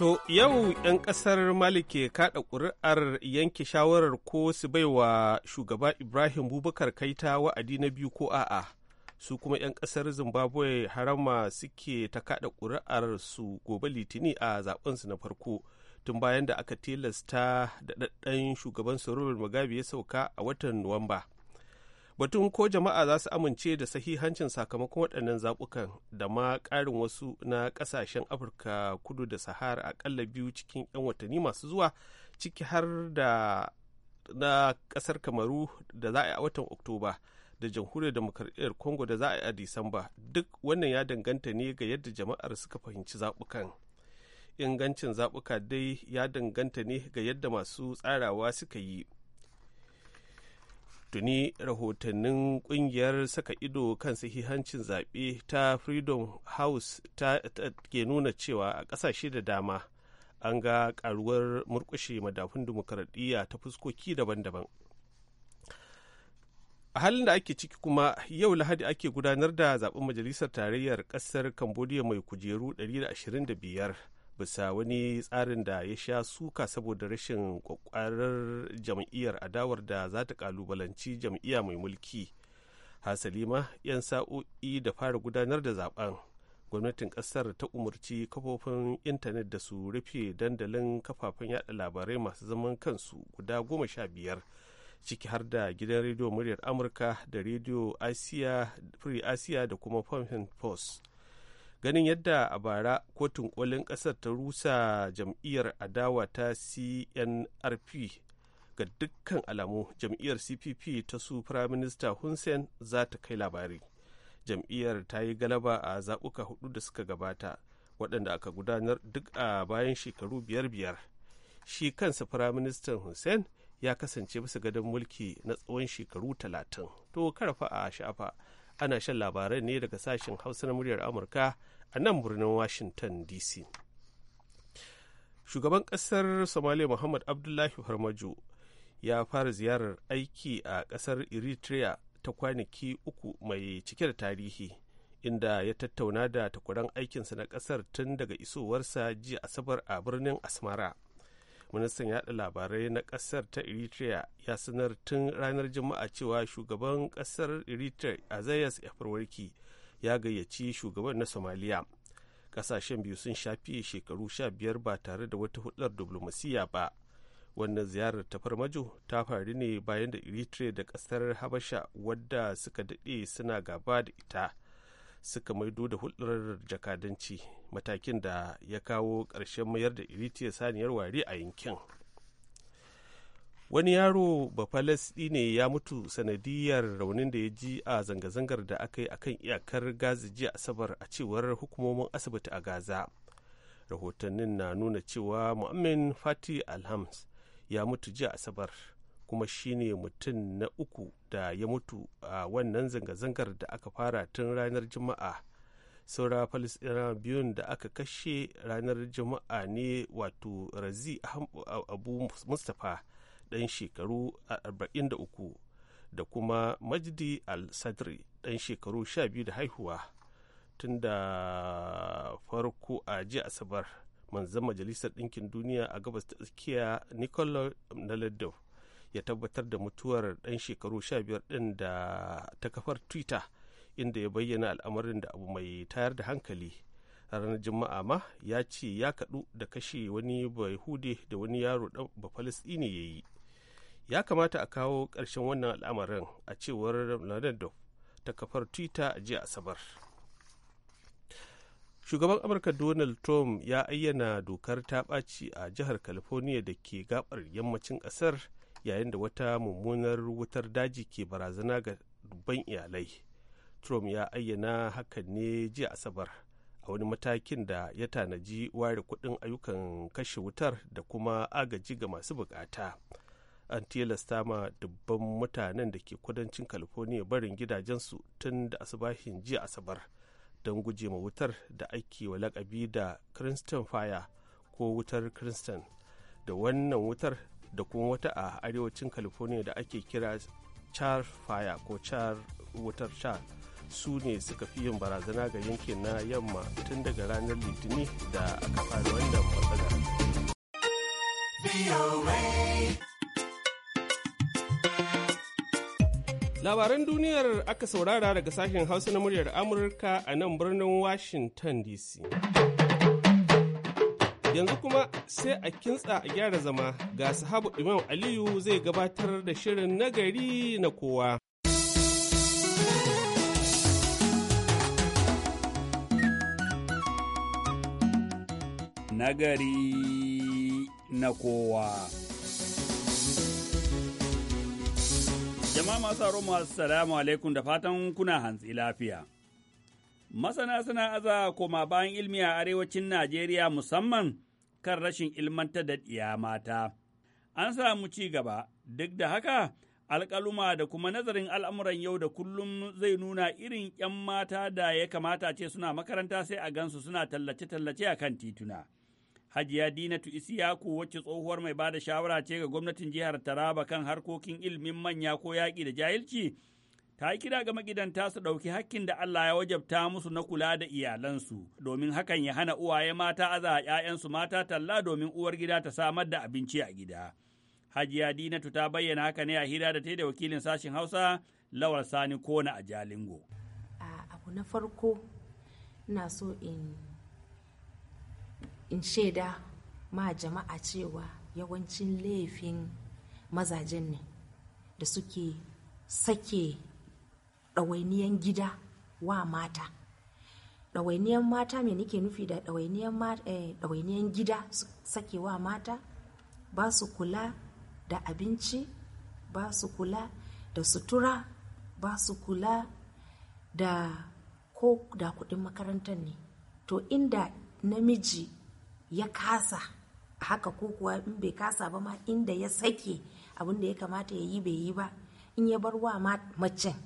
To yau 'yan ƙasar Mali ke kaɗa ƙuri'ar yanke shawarar ko su bai wa shugaba Ibrahim Bubakar Kaita wa'adi na biyu ko a'a. Su kuma 'yan ƙasar Zimbabwe harama suke ta kaɗa ƙuri'ar su gobe litini a zaɓensu na farko. Tun bayan da aka tilasta daɗaɗɗen shugaban Sorobin Mugabe ya sauka a watan Nuwamba. batun ko jama'a za su amince da sahihancin sakamakon waɗannan zaɓukan da ma ƙarin wasu na ƙasashen afirka kudu da sahara aƙalla biyu cikin 'yan watanni masu zuwa ciki har da na ƙasar kamaru da za a watan oktoba da jamhuriyar demokradiyyar congo da za a yi a disamba duk wannan ya danganta ne ga yadda jama'ar suka fahimci zaɓukan ingancin zaɓuka dai ya danganta ne ga yadda masu tsarawa suka yi tuni rahotannin kungiyar saka ido kan sahihancin zaɓe ta freedom house ta, ke nuna cewa a ƙasashe da dama an ga ƙaruwar murƙushe madafun dimokuraɗiyya ta fuskoki daban-daban a halin da ake ciki kuma yau lahadi ake gudanar da zaɓen majalisar tarayyar ƙasar cambodia mai kujeru 125 bisa wani tsarin da ya sha suka saboda rashin kwakwarar jam'iyyar adawar da za ta kalubalanci jam'iyya mai mulki hasalima 'yan sa'o'i da fara gudanar da zaben gwamnatin kasar ta umarci kafofin intanet da su rufe dandalin kafafen yada labarai masu zaman kansu guda goma sha biyar ciki har da gidan rediyo muryar amurka da rediyo free asia da kuma pumping post ganin yadda a bara kotun kolin ƙasar ta rusa jam'iyyar adawa ta cnrp ga dukkan alamu jam'iyyar cpp ta su firaminista hunsen za ta kai labari jam'iyyar ta yi galaba a zaɓuka hudu da suka gabata waɗanda aka gudanar duk a bayan shekaru biyar biyar shi kansa firaministan hussein ya kasance bisa gadon mulki na tsawon shekaru talatin to karfa a sha'afa ana shan labaran ne daga sashen hausa na muryar amurka a nan birnin washington dc shugaban kasar somalia muhammad abdullahi harmajo ya fara ziyarar aiki a kasar eritrea ta kwanaki uku mai cike da tarihi inda ya tattauna da takwaran aikinsa na kasar tun daga isowarsa jiya asabar a birnin asmara ministan yaɗa labarai na ƙasar ta eritrea ya sanar tun ranar juma'a cewa shugaban kasar eritrea azayas afirwarki ya gayyaci shugaban na somaliya ƙasashen biyu sun shafi shekaru sha biyar ba tare da wata hudar diplomasiya ba wannan ziyarar ta farmajo ta faru ne bayan da eritrea da ƙasar habasha wadda suka daɗe suna gaba da ita suka maido da hulɗar jakadanci matakin da ya kawo ƙarshen mayar da iritiya saniyar wari a yankin wani yaro ne ya mutu sanadiyar raunin da ya ji a zanga-zangar da aka yi a kan iyakar gaza jiya asabar a cewar hukumomin asibiti a gaza rahotannin na nuna cewa mu'ammin fati alhams ya mutu jiya asabar kuma shine mutum na uku da ya mutu a wannan zanga-zangar da aka fara tun ranar juma'a saura falisdina biyun da aka kashe ranar juma'a ne wato razi abu mustapha dan shekaru 43 da kuma majdi al-sadri dan shekaru 12 da haihuwa tun da farko a jiya asabar manzan majalisar ɗinkin duniya a gabas ta tsakiya nicolas naledov ya tabbatar da mutuwar ɗan shekaru 15 ɗin da ta kafar twitter inda ya bayyana al'amarin da abu mai tayar da hankali ranar juma'a ma ya ce ya kaɗu da kashe wani bai da wani yaro ɗan bafalistini ya yi ya kamata a kawo ƙarshen wannan al'amarin a cewar Ronaldo ta kafar twitter a jiya asabar shugaban amurka donald trump ya ayyana dokar ta ɓaci a jihar california da ke gabar yammacin ƙasar yayin da wata mummunar wutar daji ke barazana ga dubban iyalai trump ya ayyana hakan ne jiya asabar a wani matakin da ya tanaji ware kudin ayyukan kashe wutar da kuma agaji ga masu bukata an tilasta ma dubban mutanen da ke kudancin california barin gidajensu tun da asubahin jiya asabar don guje ma wutar da ake wa lakabi da kiristan fire ko wutar kiristan da wannan wutar da kuma wata a arewacin california da ake kira char fire ko char wutar char su ne suka fi yin barazana ga yankin na yamma tun daga ranar litini da aka fara wannan matsala. Labaran duniyar aka saurara daga sashen Hausa na muryar Amurka a nan birnin Washington DC. Yanzu kuma sai a kintsa a gyara zama ga sahabu Imam Aliyu zai gabatar da shirin nagari na kowa. Nagari na kowa. Jama'a masu aromu, assalamu alaikum da fatan kuna hantsi lafiya. Masana suna aza koma bayan ilmi a arewacin Najeriya musamman kan rashin ilmanta da ɗiya mata. An samu ci gaba, duk da haka alƙaluma da kuma nazarin al'amuran yau da kullum zai nuna irin ‘yan mata da ya kamata ce suna makaranta sai a gansu suna tallace-tallace a kan tituna. Hajiya Dina Dinatu Isiyaku wacce tsohuwar mai bada shawara ce ga gwamnatin jihar Taraba kan harkokin ilmin manya ko yaƙi da jahilci ta yi kira ga magidanta su ɗauki hakkin da Allah ya wajabta musu na kula da iyalansu, domin hakan ya hana uwaye mata aza ‘ya'yansu mata talla domin uwar gida ta samar da abinci a gida. Hajiya Dinatu ta bayyana haka ne a hira da ta da wakilin sashen Hausa Lawal Sani Kona a Jalingo. Abu na farko ina so in in shaida ma jama'a cewa yawancin laifin mazajen ne da suke sake ɗawainiyan gida wa mata ɗawainiyan mata me nake nufi da ɗawainiyan eh, gida sake wa mata ba su kula da abinci ba su kula da sutura ba su kula da ko da kuɗin makarantar ne to inda namiji ya kasa haka ko kuwa in bai kasa ba ma inda ya sake abin da ya kamata ya yi bai yi ba in ya bar wa macen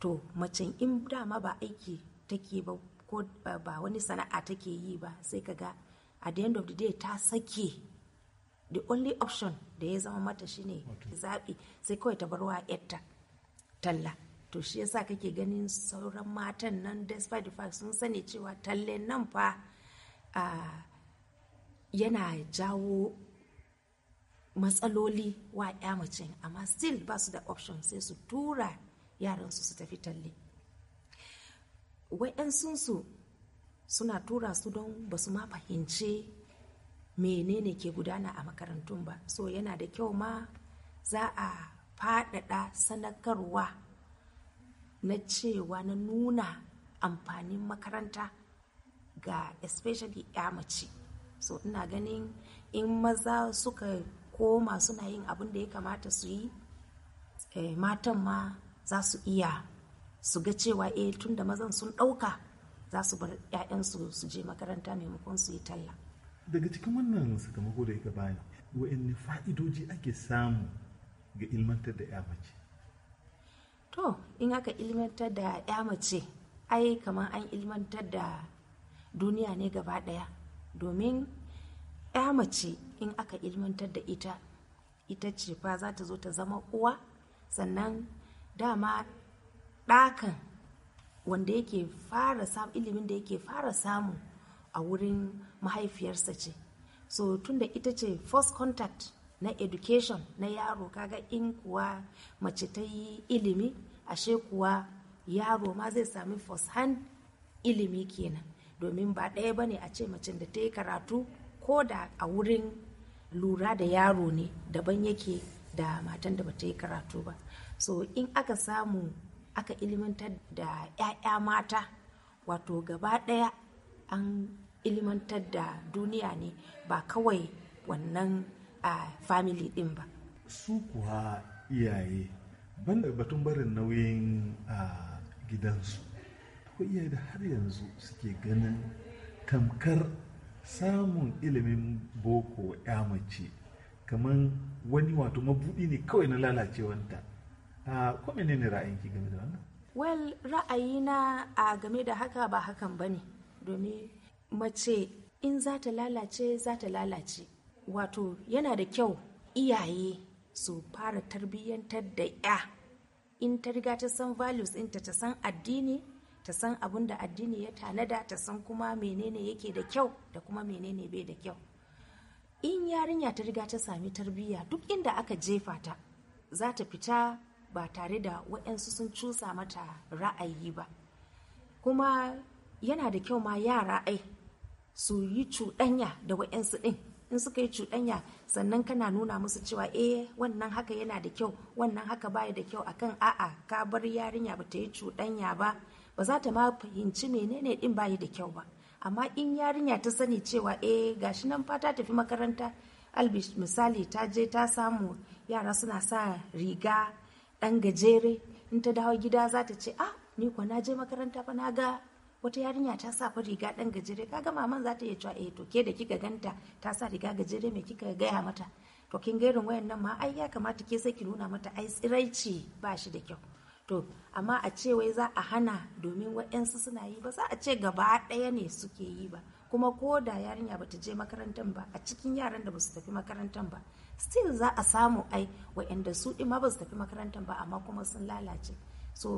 to mace in dama ba aiki take ba ko ba wani sana'a take yi ba sai kaga at the end of the day ta sake the only option da ya zama mata shine zaɓi sai kawai ta barwa yarta talla to shi yasa kake ganin sauran matan nan despite the fact sun sani cewa talle nan fa yana jawo matsaloli wa ya mace amma still ba su da option sai su tura yaransu su tafi talle wa'yansunsu suna tura su don ba su ma fahimci menene ke gudana a makarantun ba so yana da kyau ma za a faɗaɗa sanakarwa na cewa na nuna amfanin makaranta ga especially ya mace so ina ganin in maza suka koma suna yin abin da ya kamata su yi eh, matan ma za su iya su ga cewa eh tun da mazan sun ɗauka za su bar 'ya'yansu su je makaranta maimakon su yi talla daga cikin wannan sakamako da ya bani wa'anne fa'idoji ake samu ga ilmantar da 'ya mace to in aka ilmantar da 'ya mace ai kamar an ilmantar da duniya ne gaba ɗaya domin 'ya mace in aka ilmantar da ita ita ce fa za ta zo ta zama uwa sannan dama ɗakan wanda yake fara samun ilimin da yake fara samu a wurin mahaifiyarsa ce so tun da ita ce first contact na education na yaro kaga in kuwa mace ta yi ilimi ashe kuwa yaro ma zai sami first hand ilimi kenan domin ba ɗaya bane a ce mace da ta yi karatu ko da a wurin lura da yaro ne daban yake da matan da ba ta yi karatu ba so in aka samu aka ilimantar da 'ya'ya mata wato gaba ɗaya an ilimantar da duniya ne ba kawai wannan a family ɗin ba su kuwa iyaye banda batun barin nauyin a gidansu akwai iyaye da har yanzu suke ganin tamkar samun ilimin boko ya mace kamar wani wato mabuɗi ne kawai na lalacewanta Ah, ko menene ra'ayinki game da wannan well ra'ayina a game da haka ba hakan ba ne domin mace in za ta lalace za ta lalace wato yana da kyau iyaye su fara tarbiyyantar da ya in ta riga ta san values ɗinta ta san addini ta san abin da addini ya tanada ta san kuma menene yake da kyau da kuma menene bai da kyau in yarinya ta riga ta sami tarbiyya duk inda aka jefa ta za ta fita ba tare da waɗansu sun cusa mata ra'ayi ba kuma yana da kyau ma yara ai su yi cuɗanya da waɗansu ɗin in suka yi cuɗanya sannan kana nuna musu cewa e wannan haka yana da kyau wannan haka baya da kyau akan a'a ka bar yarinya ba ta yi cuɗanya ba ba za ta ma fahimci menene ɗin baya da kyau ba amma in yarinya ta sani cewa eh gashi nan fa ta tafi makaranta albish misali ta je ta samu yara suna sa riga ɗan gajere in ta dawo gida za ta ce ah ni kuwa na je makaranta ba na ga wata yarinya ta sa fa riga ɗan gajere kaga maman za ta iya cewa eh to ke da kika ganta ta sa riga gajere me kika gaya mata to kin ga irin wayannan ma ai ya kamata ke sai ki nuna mata ai tsiraici ba shi da kyau to amma a ce wai za a hana domin waɗansu suna yi ba za a ce gaba ɗaya ne suke yi ba kuma ko da yarinya bata je makarantar ba a cikin yaran da ba su tafi makarantar ba still za a samu ai wa'anda su ɗin basu tafi makarantar ba amma kuma sun lalace so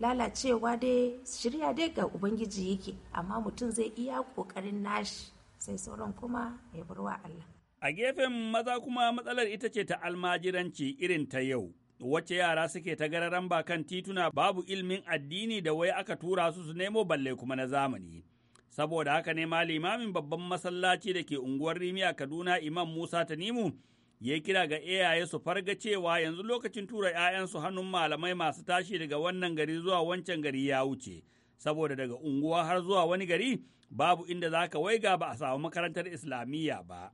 lalacewa dai shirya dai ga ubangiji yake amma mutum zai iya ƙoƙarin nashi sai sauran kuma ya barwa Allah. A gefen maza kuma matsalar ita ce ta almajiranci irin ta yau. wacce yara suke ta gararan ba kan tituna babu ilmin addini da wai aka tura su su nemo balle kuma na zamani. Saboda haka ne ma limamin babban masallaci da ke unguwar Rimiya Kaduna Imam Musa Tanimu ya kira ga iyaye su farga cewa yanzu lokacin tura 'ya'yansu hannun malamai masu tashi daga wannan gari zuwa wancan gari ya wuce saboda daga unguwa har zuwa wani gari babu inda za ka waiga ba a samu makarantar islamiyya ba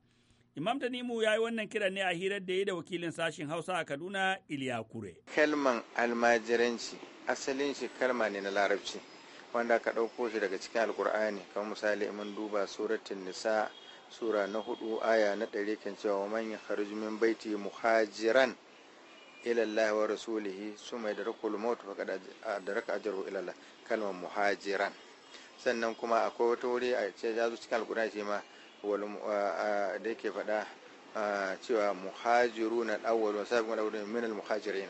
imam tanimu ya yi wannan kiran ne a hirar da ya da wakilin sashen hausa a kaduna iliya kure kalman almajiranci asalin shi kalma ne na larabci wanda ka ɗauko shi daga cikin alkur'ani kamar misali mun duba suratun nisa sura na hudu aya na ɗari kan cewa man kharij min baiti muhajiran ila Allah wa rasulihi suma yadrakul maut faqad adraka ajru ila Allah kalmar muhajiran sannan kuma akwai wata wuri a ce ya zo cikin alkurani ce ma da yake faɗa cewa muhajiruna al-awwal wa sabiquna al min al-muhajirin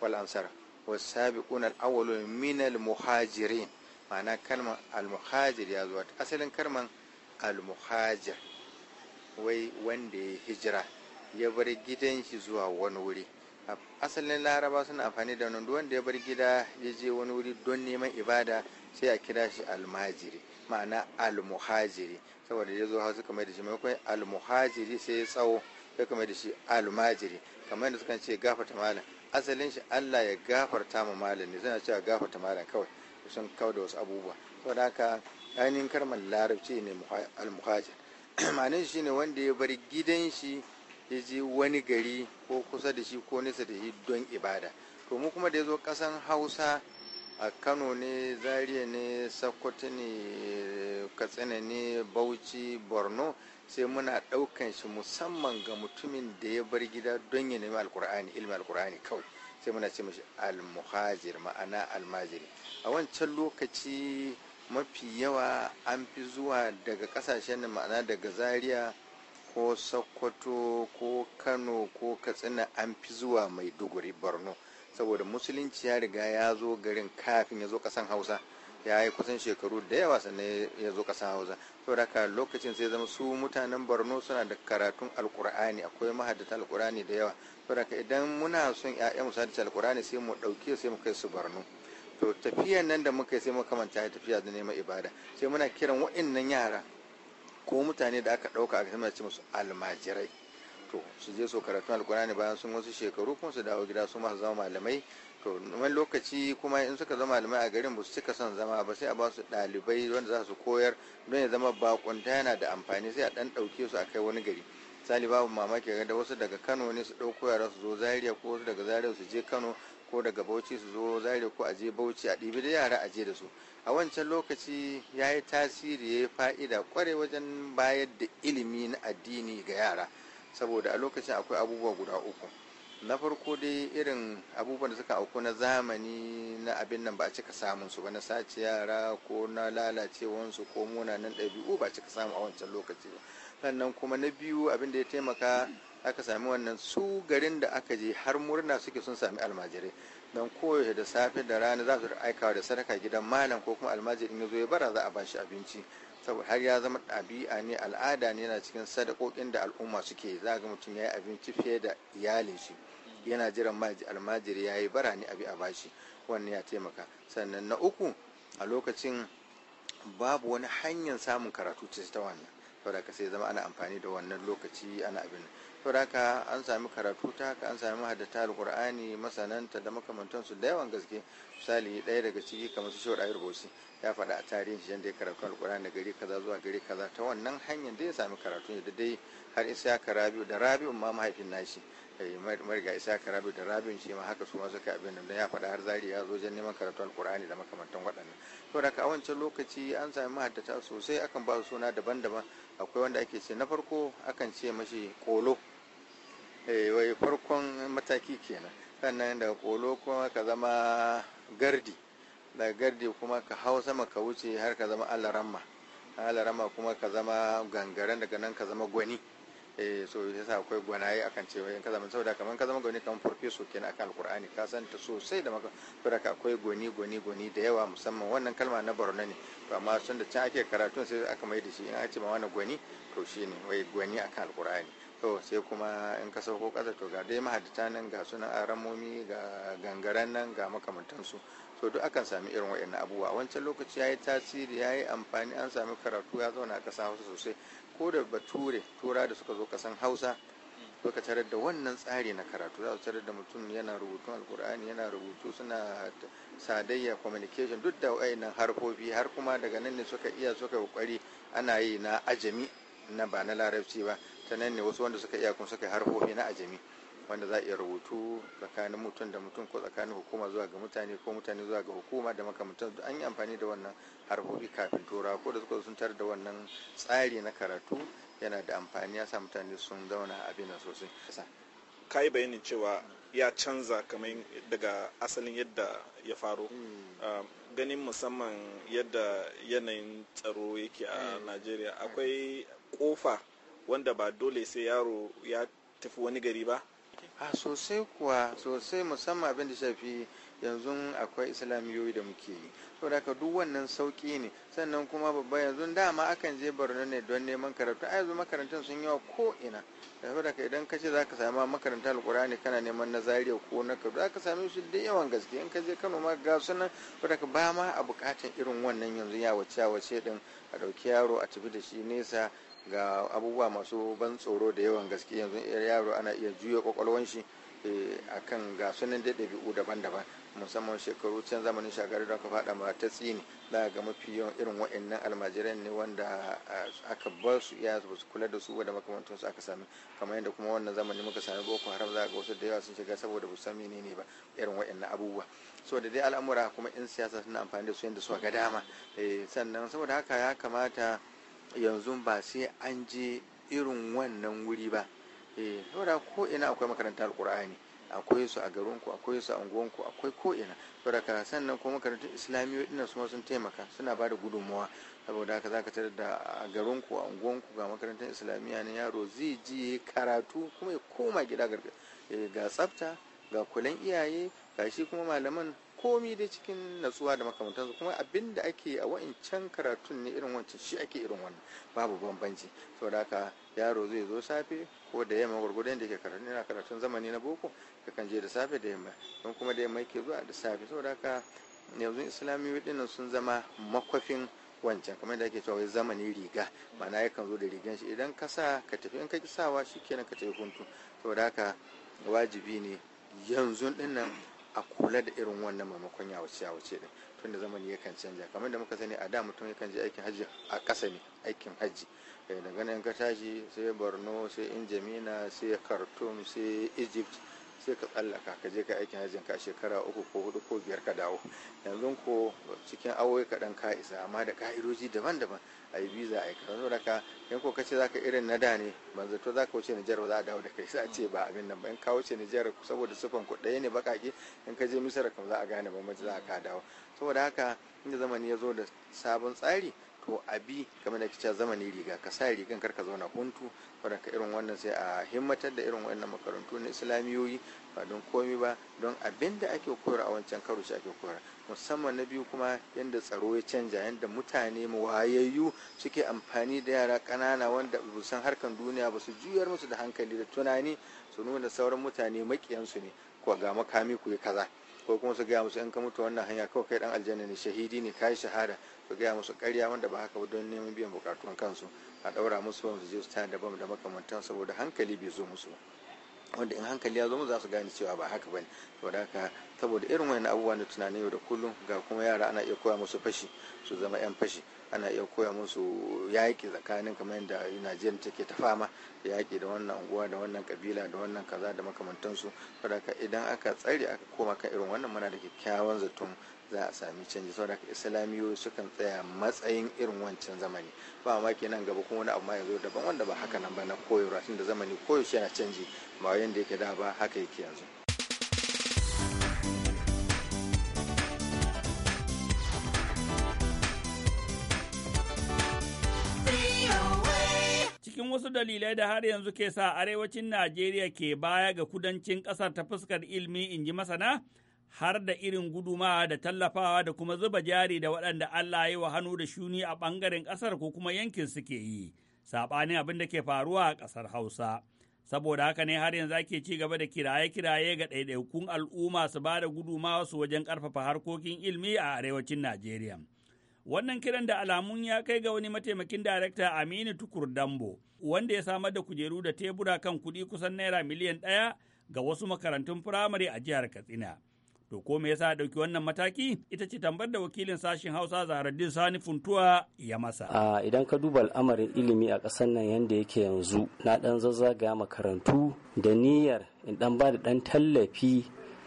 wal ansar wa sabiquna al-awwal min al-muhajirin ma'ana kalmar al-muhajir ya zo asalin kalmar al-muhajir wai wanda ya hijira ya bar gidan shi zuwa wani wuri asalin laraba suna amfani da wani wanda ya bar gida ya je wani wuri don neman ibada sai a kira shi almajiri ma'ana almuhajiri saboda ya zo hausa kamar da shi maimakon almuhajiri sai ya tsawo sai kamar da shi almajiri kamar da sukan ce gafarta malam asalin shi allah ya gafarta ma malam ne suna cewa gafarta malam kawai sun kawo da wasu abubuwa saboda haka ainihin karmar larabci ne almuhajiri manin shi ne wanda ya bar gidan shi ya je wani gari ko kusa da shi ko nesa da shi don ibada to mu kuma da ya zo kasan hausa a kano ne zaria ne sokoto ne katsina ne bauchi borno sai muna ɗaukan shi musamman ga mutumin da ya bar gida don ya nemi alkur'ani ilmi alkur'ani kawai sai muna ce mashi almuhajir ma'ana almajiri a wancan lokaci mafi yawa an fi zuwa daga kasashen da ma'ana daga zaria ko sokoto ko kano ko katsina an fi zuwa maiduguri borno saboda musulunci ya riga ya zo garin kafin ya zo kasan hausa ya yi kusan shekaru da yawa sannan ya zo kasan hausa saboda haka lokacin sai zama su mutanen borno suna da karatun alkur'ani akwai mahaddata alkur'ani da yawa saboda haka idan muna son 'ya'yan mu haddace alkur'ani sai mu ɗauke sai mu kai su borno to tafiyan nan da muka yi sai muka manta ya tafiya da neman ibada sai muna kiran wa'annan yara ko mutane da aka ɗauka a ce musu almajirai to su je su karatu alkurani bayan sun wasu shekaru kuma su dawo gida su masu zama malamai to wani lokaci kuma in suka zama malamai a garin ba su cika son zama ba sai a ba su ɗalibai wanda za su koyar don ya zama bakunta yana da amfani sai a ɗan ɗauke su a kai wani gari sali babu mamaki ga da wasu daga kano ne su ɗauko yara su zo zaria ko wasu daga zaria su je kano ko daga bauchi su zo zaire ko aje bauchi a ɗibi da yara aje da su a wancan lokaci ya yi tasiri ya yi fa'ida kware wajen bayar da ilimi na addini ga yara saboda a lokacin akwai abubuwa guda uku na farko dai irin abubuwan da suka auku na zamani na abin nan ba a cika samun su ba na sace yara ko na lalacewansu ko munanan ɗabi'u ba a cika samu a wancan lokaci ba sannan kuma na biyu abin da ya taimaka aka sami wannan su garin da aka je har murna suke sun sami almajirai don koyaushe da safe da rana za su aikawa da sadaka gidan malam ko kuma almajirin ya zo ya bara za a shi abinci saboda har ya zama ɗabi'a ne al'ada ne yana cikin sadakokin da al'umma suke za ga mutum ya yi abinci fiye da iyalin shi yana jiran almajiri ya yi bara ne abi a bashi wannan ya taimaka sannan na uku a lokacin babu wani hanyar samun karatu ta wannan saboda ka sai zama ana amfani da wannan lokaci ana abin saboda an sami karatu ta haka an sami mahaddata alkur'ani masananta da makamantansu da yawan gaske misali ɗaya daga ciki kamar su shawar ayar ya faɗa a tarihin shi yadda ya karatu alkur'ani gari kaza zuwa gari kaza ta wannan hanyar da ya sami karatu ne da dai har isaka rabiu da rabiu ma mahaifin nashi eh, mariga ka rabiu da rabiu shi ma haka su ma suka abin nan da ya faɗa har zari ya zo jan neman karatu alkur'ani da makamantan waɗannan saboda a wancan lokaci an sami mahaddata sosai akan ba su suna daban-daban akwai wanda ake ce na farko akan ce mashi kolo Eh, wai farkon mataki kenan sannan daga kolo kuma ka zama gardi daga gardi kuma ka hau sama ka wuce har ka zama alarama alarama kuma ka zama gangaren daga nan ka zama gwani eh so sa akwai gwanaye akan cewa in ka zama saboda kaman ka zama gwani kamar farfeso kenan akan alkur'ani ka san ta sosai da maka saboda ka akwai gwani gwani gwani da yawa musamman wannan kalma na borno ne to amma sun da can ake karatun sai aka mai da shi in aka ce ma wani gwani to shine wai gwani akan alkur'ani to sai kuma in ka sauko ƙasa to ga dai mahadita nan ga sunan aramomi ga gangaren nan ga makamantansu to duk akan sami irin waɗannan abubuwa wancan lokaci ya yi tasiri ya yi amfani an sami karatu ya zauna a ƙasa hausa sosai ko da bature tura da suka zo ƙasan hausa ka tarar da wannan tsari na karatu za su tarar da mutum yana rubutun alkur'ani yana rubutu suna sadayya communication duk da wayannan harfofi har kuma daga nan ne suka iya suka kokari ana yi na ajami na ba na larabci ba ta nan ne wasu wanda suka iya kuma suka yi harfofi na ajami wanda za a iya rubutu tsakanin mutum da mutum ko tsakanin hukuma zuwa ga mutane ko mutane zuwa ga hukuma da makamantan an yi amfani da wannan harfofi kafin tura ko da suka sun tar da wannan tsari na karatu yana da amfani ya sa mutane sun zauna a bina sosai ka yi bayanin cewa ya canza kamar daga asalin yadda ya faro hmm. ah, ganin musamman yadda yanayin tsaro yake a hmm. najeriya akwai kofa wanda ba dole sai yaro ya tafi wani gari ba a sosai kuwa sosai musamman abin da shafi yanzu akwai islamiyoyi da muke yi saboda ka duk wannan sauki ne sannan kuma babba yanzu dama akan je borno ne don neman karatu a yanzu makarantun sun yi ko ina saboda idan ka ce za ka sami makarantar alkurani kana neman na zariya ko na kadu za ka sami su da yawan gaske in ka je kano ma ga sunan saboda ka ba ma a bukatan irin wannan yanzu ya wace wace din a ɗauki yaro a tafi da shi nesa ga abubuwa masu ban tsoro da yawan gaske yanzu yaro ana iya juya kwakwalwan shi eh, a kan ga sunan da ɗabi'u daban-daban musamman shekaru can zamanin shagari da aka faɗa ma ta tsini za ga mafi yawan irin wa'annan almajiran ne wanda eh, aka ba su iya ba su kula da su da makamantun su aka sami kamar yadda kuma wannan zamani muka sami boko haram za ga wasu da yawa sun shiga saboda ba su san menene ba irin wa'annan abubuwa so da dai al'amura kuma in siyasa suna amfani da su yadda su ga dama eh, sannan saboda haka ya kamata yanzu ba sai an je irin wannan wuri ba eh saboda ko ina akwai makarantar alkur'ani akwai su a garinku akwai su a unguwanku akwai ko ina saboda ka sannan kuma makarantun islamiyoyi dinnan su sun taimaka suna ba da gudunmawa saboda haka zaka tarar da a garinku a unguwanku ga makarantar islamiyya na yaro zai je karatu kuma ya koma gida eh, ga tsafta ga kulan iyaye ga shi kuma malaman komi dai cikin natsuwa da makamantansu kuma abin da ake a wa'incan karatun ne irin wancan shi ake irin wannan babu bambanci saboda haka yaro zai zo safe ko da yamma gwargwadon da yake karatu yana karatun zamani na boko ka kan je da safe da yamma don kuma da yamma yake zuwa da safe saboda haka yanzu islamiyoyi dinnan sun zama makwafin wancan kamar da ake cewa wai zamani riga ma'ana yakan zo da rigan shi idan ka sa ka tafi in ka ki sawa kenan ka tafi huntu saboda haka wajibi ne yanzu dinnan a kula da irin wannan maimakon yawace yawace din da zamani yakan canja kamar da muka sani a da mutum yakan je aikin hajji a ƙasa ne aikin hajji eh, daga nan ka tashi sai borno sai injamina sai khartoum sai egypt sai ka tsallaka ka je ka aikin hajjin ka shekara uku ko hudu ko biyar ka dawo yanzu ko cikin awoyi kaɗan ka isa amma da ka'idoji daban-daban a yi visa a yi kaza da ka in ko kace zaka irin na da ne ban zato zaka wuce Nijar ba za a dawo da kai sai a ce ba abin nan ba in ka wuce Nijar saboda sufan ku ɗaya ne bakake in ka je Misira kam za a gane ba maji za ka dawo saboda haka inda zamani ya zo da sabon tsari to abi kamar da zama zamani riga ka sa rigan kar ka zauna kuntu wadda ka irin wannan sai a himmatar da irin wannan makarantu na islamiyoyi ba don komi ba don abinda da ake koyar a wancan karo shi ake koyar musamman na biyu kuma yadda tsaro ya canja yadda mutane wayayyu suke amfani da yara ƙanana wanda san harkan duniya ba su juyar musu da hankali da tunani su nuna sauran mutane makiyansu ne ko ga makami ku yi kaza ko kuma su gaya musu in ka mutu wannan hanya kawai kai dan aljanna ne shahidi ne kai shahada su gaya musu karya wanda ba haka ba don neman biyan bukatun kansu a ɗaura musu ba su je su tayar da da makamantan saboda hankali bai zo musu wanda in hankali ya zo mu za su gane cewa ba haka bane saboda haka saboda irin wannan abubuwa na tunani yau da kullum ga kuma yara ana iya koya musu fashi su zama yan fashi ana iya koya musu yaƙi tsakanin kamar yadda Najeriya take ta fama yaƙi da wannan unguwa da wannan kabila da wannan kaza da makamantansu saboda haka idan aka tsare aka koma kan irin wannan muna da kyakkyawan zaton za a sami canji saboda islamiyoyi sukan tsaya matsayin irin wancan zamani ba ma nan gaba kuma wani abu ma yanzu daban wanda ba haka nan ba na koyarwa da zamani koyaushe yana canji ba yadda yake da ba haka yake yanzu cikin wasu dalilai da har yanzu ke sa arewacin Najeriya ke baya ga kudancin ƙasar ta fuskar ilmi in ji masana har da irin gudumawa da tallafawa da kuma zuba jari da waɗanda Allah ya wa hannu da shuni a ɓangaren ƙasar ko kuma yankin suke yi, saɓanin abin da ke faruwa a ƙasar Hausa. Saboda haka ne har yanzu ake ci gaba da kiraye-kiraye ga ɗaiɗaikun al'umma su ba da gudumawa su wajen ƙarfafa harkokin ilmi a arewacin Najeriya. Wannan kiran da alamun ya kai ga wani mataimakin darakta Aminu Tukur Dambo, wanda ya samar da kujeru da tebura kan kuɗi kusan naira miliyan ɗaya ga wasu makarantun firamare a jihar Katsina. To ko me yasa ɗauki wannan mataki? Ita ce tambar da wakilin sashen Hausa Zaharaddin Sani Funtuwa ya masa. A idan ka duba al'amarin ilimi a ƙasar nan yanda yake yanzu, na ɗan zazzaga makarantu da niyyar in ɗan ba da ɗan tallafi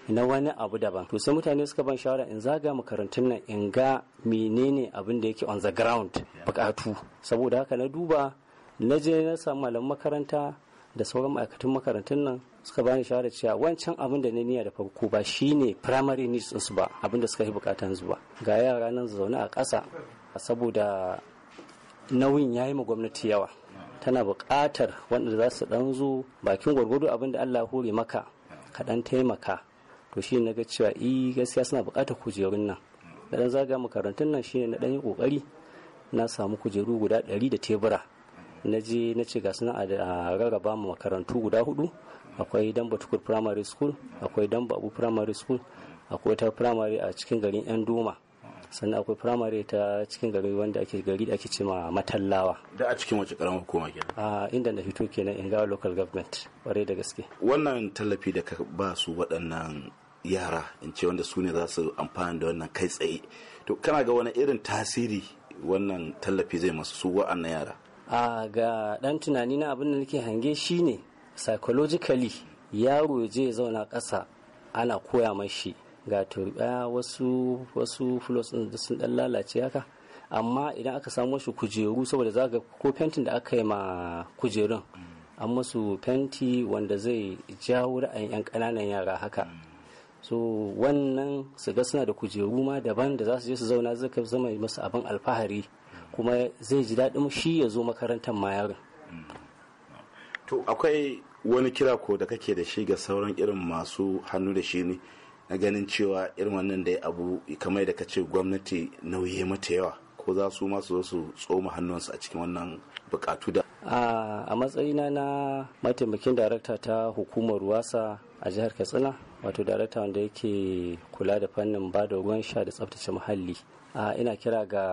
na wani abu daban to sai mutane suka ban shawara in zaga makarantun nan in ga menene abin da yake on the ground bukatu saboda haka na duba na je na samu malam makaranta da sauran ma'aikatan makarantun nan suka bani shawarar cewa wancan abin da na niyya da farko ba shine primary needs su ba abin da suka yi bukatan ba ga yara nan zaune a ƙasa saboda nauyin yayi ma gwamnati yawa tana buƙatar wanda za su ɗan zo bakin gwargwado abin da Allah hore maka ka ɗan taimaka to shi na ga cewa i eh, gaskiya suna buƙatar kujerun nan da ɗan zaga makarantun nan shine na ɗan yi ƙoƙari na samu kujeru guda ɗari da tebura na je na ce ga suna a rarraba mu makarantu guda hudu akwai damba tukur primary school akwai damba abu primary school akwai ta primary a cikin garin yan doma sannan akwai primary ta cikin gari wanda ake gari da ake matallawa da a cikin wace karamar hukuma kenan a inda na fito kenan in ga local government ware da gaske wannan tallafi da ka ba su waɗannan yara in ce wanda su ne za su amfana da wannan kai tsaye to kana ga wani irin tasiri wannan tallafi zai masu su wa'annan yara a ga dan tunani na abin da nake hange ne psychologically yaro ya je ya zauna ƙasa ana koya mashi ga turɓaya wasu wasu da sun dan lalace haka amma idan aka samu wasu kujeru saboda za ga ko fentin da aka yi ma kujerun an masu fenti wanda zai jawo ra'ayin 'yan ƙananan yara haka so wannan su ga suna da kujeru ma daban da za su je su zauna zai zama masu abin alfahari kuma zai ji daɗin shi ya zo makarantar ma yarin. to akwai wani kira ko da kake da shi ga sauran irin masu hannu da shi ne na ganin cewa irin wannan da ya abu kamar da kace gwamnati nauye mata yawa ko za su masu zo su tsoma hannunsu a cikin wannan bukatu da a matsayina na mataimakin darakta ta hukumar ruwasa a jihar katsina wato darakta wanda yake kula da fannin ba da ruwan sha da tsabtace muhalli ina kira ga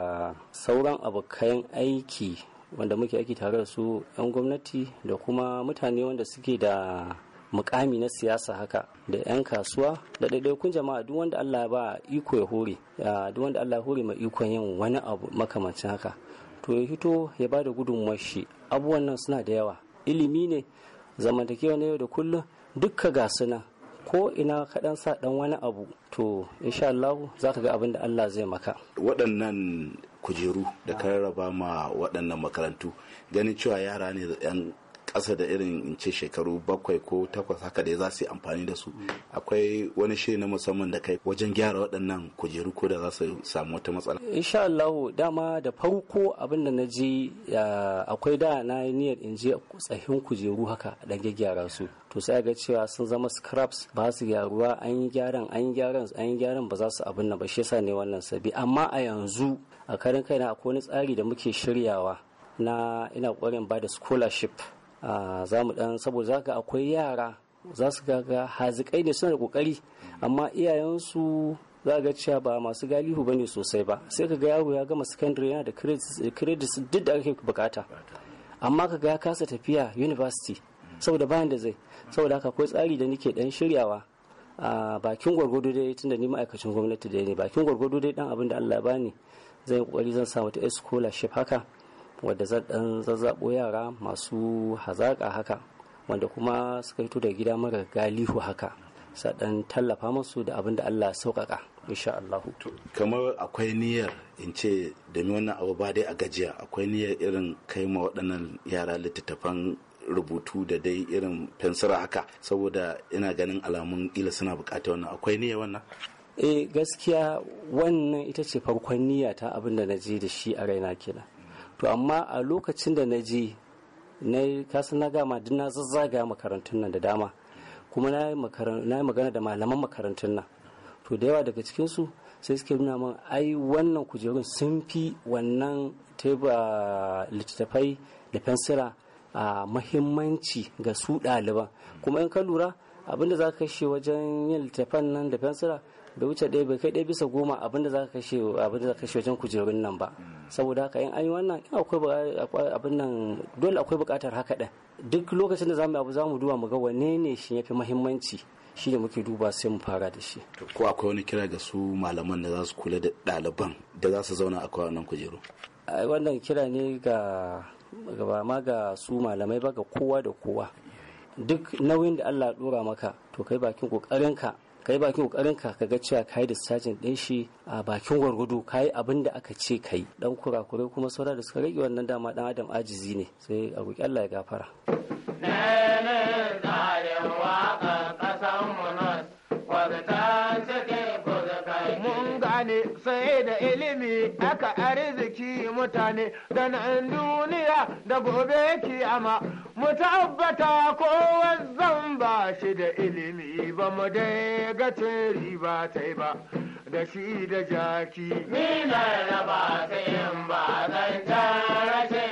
sauran abokan aiki wanda muke aiki tare da su 'yan gwamnati da kuma mutane wanda suke da mukami na siyasa haka da 'yan kasuwa da ɗaiɗaikun jama'a duk wanda Allah ba iko ya hore duk wanda Allah hore mai ikon yin wani abu makamancin haka to ya hito ya ba da gudunmuwar shi abubuwan nan suna da yawa ilimi ne zamantakewa na yau da kullum dukka ga suna ko ina kaɗan sa ɗan wani abu to insha Allah za ka ga abin da Allah zai maka waɗannan kujeru da ka rarraba ma waɗannan makarantu ganin cewa yara ne 'yan kasa da irin in ce shekaru bakwai ko takwas haka da za su yi amfani da su akwai wani shiri na musamman da kai wajen gyara waɗannan kujeru ko da za su samu wata matsala insha Allah dama da farko abin da na ji akwai da na niyyar in je tsahin kujeru haka dan gyara su to sai ga cewa sun zama scraps ba su gyaruwa an yi gyaran an yi gyaran an yi gyaran ba za su abin nan ba shi yasa ne wannan sabi amma a yanzu a karin kaina akwai wani tsari da muke shiryawa na ina kwarin ba da scholarship za mu dan saboda zaka akwai yara za su ga hazikai ne suna da kokari amma iyayensu za ga cewa ba masu galihu ba ne sosai ba sai ka ga yaro ya gama secondary yana da credits eh, duk da ake bukata amma ka ga ya kasa tafiya university saboda bayan da zai saboda haka akwai tsari da nake dan shiryawa a bakin gwargwado dai tunda ni ma'aikacin gwamnati da ne bakin gwargwado dai dan abin da Allah ya bani zai kokari zan sa wata scholarship haka wadda zan dan zazzabo yara masu hazaƙa haka wanda kuma suka fito da gida mara galihu haka saɗan tallafa masu da abin da Allah sauƙaƙa insha Allah. Kamar akwai niyyar in ce da wannan abu ba dai a gajiya akwai niyyar irin kai ma waɗannan yara littattafan rubutu da dai irin fensira haka saboda ina ganin alamun ƙila suna buƙatar wannan akwai niyyar wannan. Eh gaskiya wannan ita ce farkon niyya ta abin da na je da shi a raina kenan. to amma a lokacin da na je na yi kasan na gama duk na zazzaga makarantun nan da dama kuma na yi magana da malaman makarantun nan to da yawa daga cikinsu sai suke nuna min ai wannan kujerun sun fi wannan teba littattafai da fensira a mahimmanci ga su ɗaliban kuma in ka lura abinda za ka kashe wajen yin littattafan nan da fensira bai wuce ɗaya bai kai ɗaya bisa goma abinda za ka kashe abinda za ka kashe wajen kujerun nan ba saboda haka in an yi wannan in akwai abin nan dole akwai buƙatar haka ɗin duk lokacin da za mu abu za mu duba mu ga wanne ne shi ya fi muhimmanci shi da muke duba sai mu fara da shi. Ko akwai wani kira ga su malaman da za su kula da ɗaliban da za su zauna a wannan kujeru? Wannan kira ne ga ba ma ga su malamai ba ga kowa da kowa. Duk nauyin da Allah ɗora maka to kai bakin ƙoƙarinka kai bakin kokarin ka ka ga cewa kai da sajin din shi a bakin gwargwado kai abin da aka ce kai dan kurakurai kuma saura da suka rage wannan dama dan adam ajizi ne sai a roki Allah ya gafara. haka arziki mutane da nan duniya da gobe kiyama mu tabbata kowan zan ba shi da ilimi ba mu dai ga riba ta yi ba da shi da jaki ni na raba ta yin ba zan tara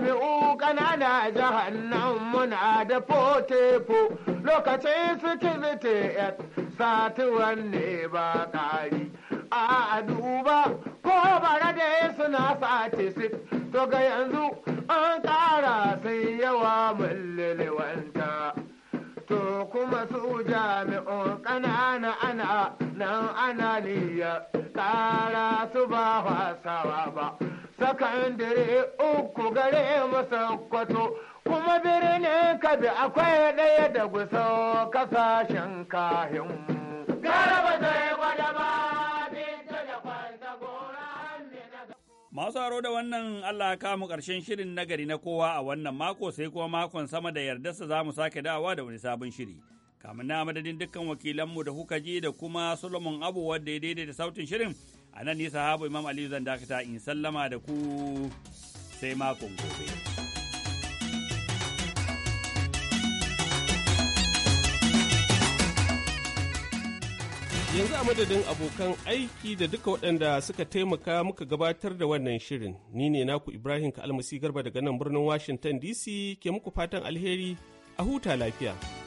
jami'u kanana jahannan muna da fotefo lokacin sikiriti satuwan ne ba ƙari a duba ko bara da suna sati sit to ga yanzu an ƙara sai yawa mullilwanta to kuma su jami'un ƙanana ana nan ana niyya ƙara su ba wasawa ba sakandare uku gare masa kwato kuma birnin kabi akwai ɗaya da gusa kasashen kahin Masu haro da wannan Allah ka mu ƙarshen shirin nagari na kowa a wannan mako sai kuma makon sama da su za mu sake dawa da wani sabon shiri. Kamin na madadin dukkan wakilanmu da kuka ji da kuma Solomon Abu wadda ya daidaita sautin shirin a nan ni sahabu imam aliyu zan dakata in sallama da ku sai makon gobe. Yanzu a madadin abokan aiki da duka waɗanda suka taimaka muka gabatar da wannan shirin, ni ne naku Ibrahim ka almasi Garba daga nan birnin Washington DC ke muku fatan alheri a huta lafiya.